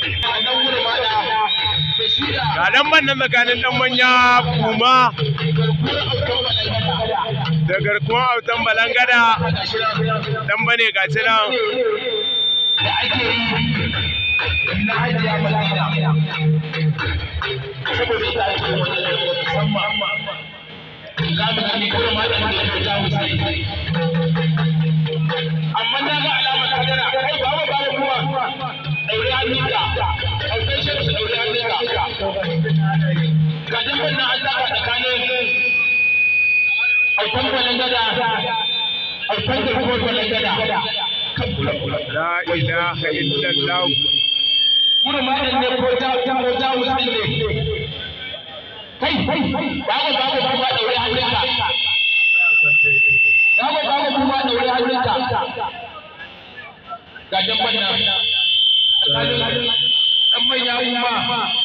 ga dan man nan tsakanin dan manya kuma da garkuwan autan balangada dan bane ga ci nan amma na ga ga damban nan an zaba tsakanin autan gwanin gada autan da kuma gwanin gada la ilaha illallah gudu malam ne ko ta ko ta ne kai kai da wuri hannunka bago bago kuma da wuri hannunka ga damban nan tsakanin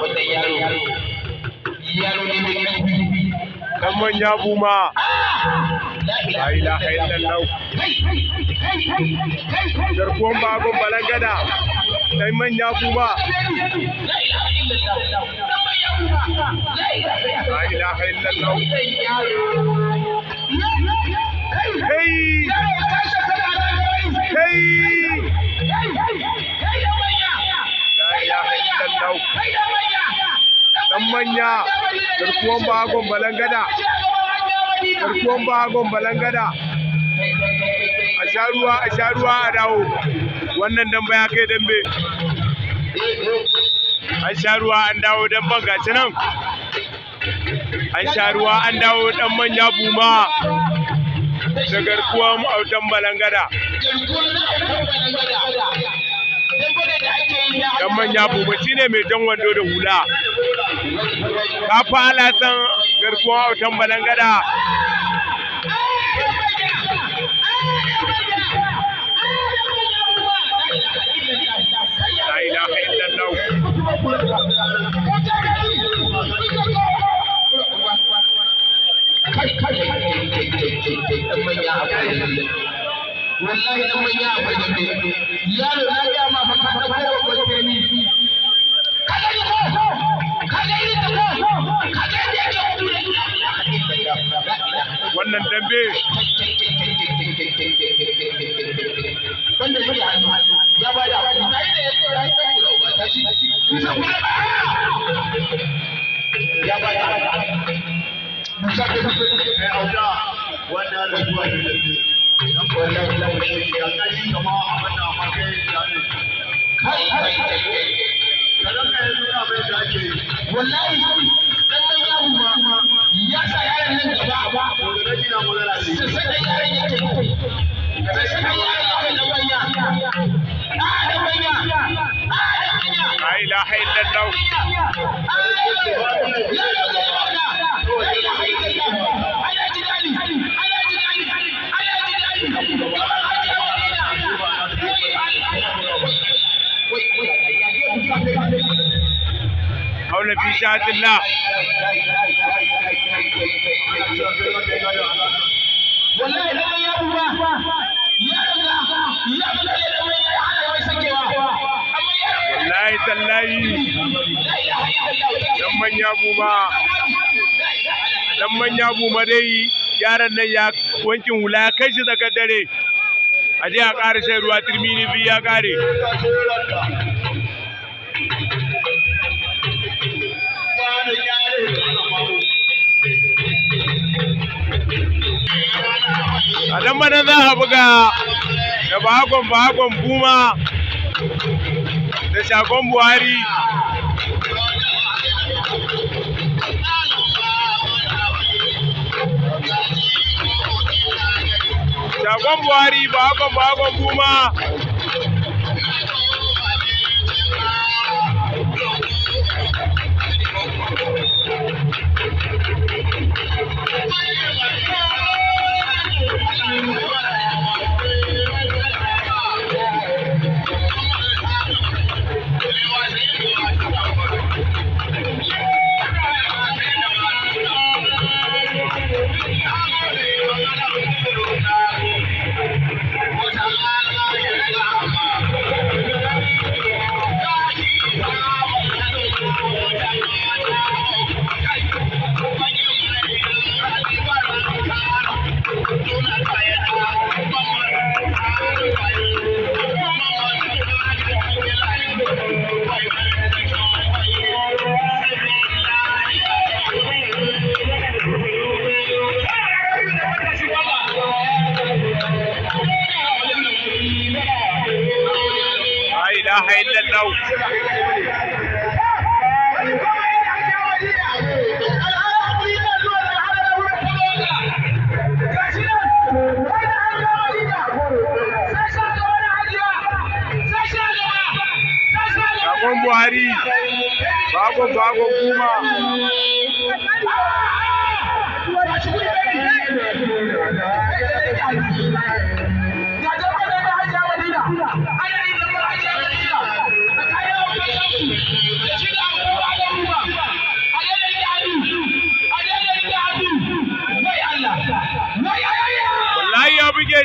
wannan yaro yaro ne mai ƙarfi kan ah! manya buma la ilaha illallah garkuwan babun balangada kai manya buma la ilaha illallah hey garkuwan bagon balangada garkuwan bagon balangada a sha ruwa a sha ruwa a dawo wannan damba ya kai dambe an sharuwa an dawo damban gashi nan an sharuwa an dawo dan manya buma da garkuwan autan balangada dan manya buba shine mai jan wando da hula kafa alasan garkuwa wutan balangada Thank you. wallahi dan manya akwai dambe yaro na ga ma fa ka fara ko ko ka ga ni ko ka ga ni ko ka ga ni ko wannan dambe ya ba da da ya ya ba ba ya ba da wallahi dan ya sa yaron nan gaba ba sai sai yaron yake yi sai sai yaron yake da banya a da banya a da la ya عبد الله والله dan manya goma manya dai yaran nan ya wankin ya kai shi tsakar dare a je a ƙara shan ruwa turmini biyu ya ƙare a nan bana za a buga da bahagon bahagon buma da shagon buhari shagon buhari bahagon bahagon buma bagon buhari bagon bagon kuma ya buge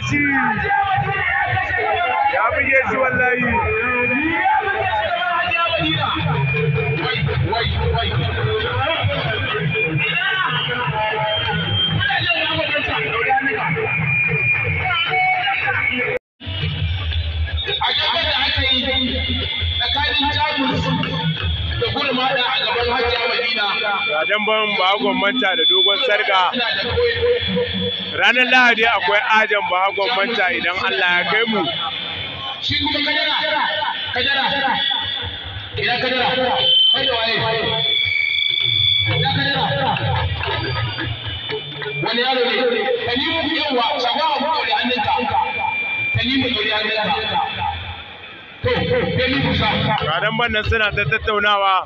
jamban bahagon manta da dogon sarka ranar lahadi akwai ajan bahagon manta idan allah ya kai mu shi kuma ranar bannan suna ta tattaunawa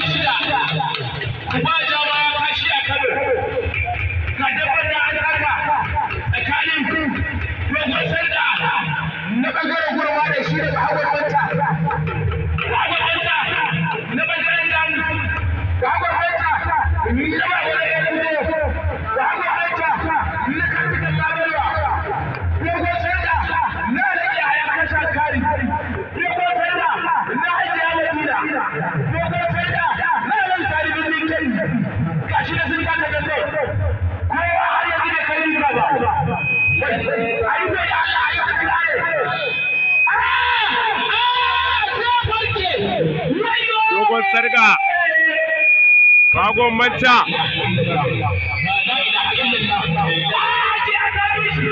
agwammanca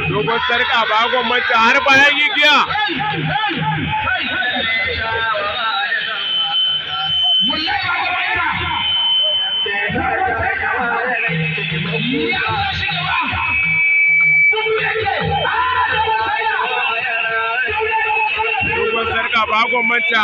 dogon sarka ba agwammanca har bayan igiya Dogon sarka ba agwammanca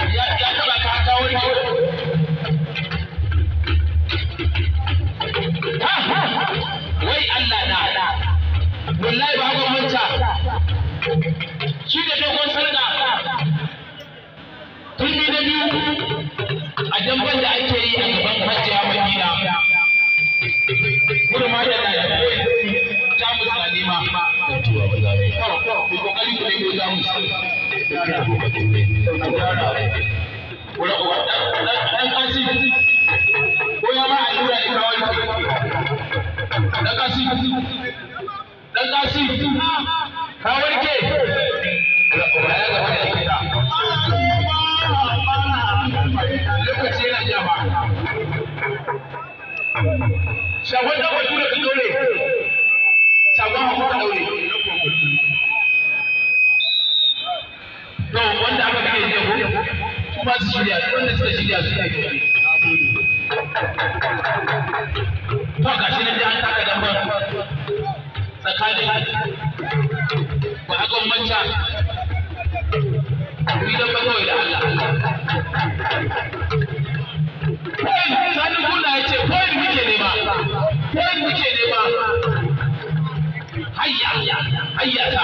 wallahi ba shi da dogon tun na biyu a damban da ake yi a gaban hajjiya Shagon da kwatu da fito ne, shagon hakuka aure. su shirya wanda suka an taka dambar tsakanin ba a gwamnati ni dan ba da Allah ya ce point muke nema muke nema hayya hayya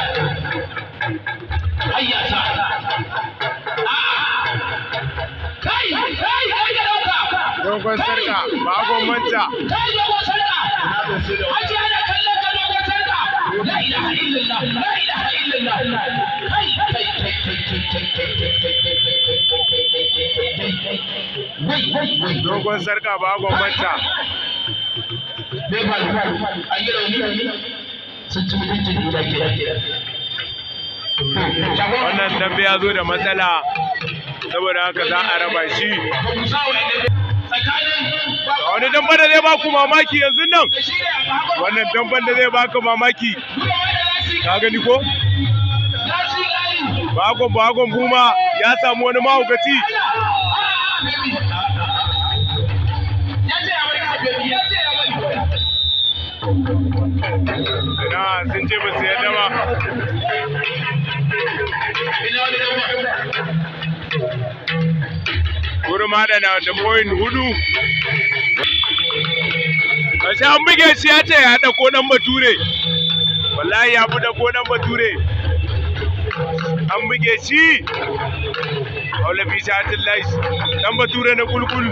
hayya dogon sarka ba gomanta la ilaha dogon sarka ba gwamnata wannan tambaya zo da matsala saboda haka za a raba shi wani damban da zai baku mamaki yanzu nan wannan damban da zai baka mamaki ka gani ko bagon bagon buma ya samu wani mahaukaci Ina sun ce ba su yadda ba lumana na tambayoyin hudu sai an buge shi ya ce ya haɗa konan bature wallahi ya buɗe konan bature an buge shi haula fi shatin lais dan bature na kulkul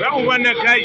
Ra'u wannan kai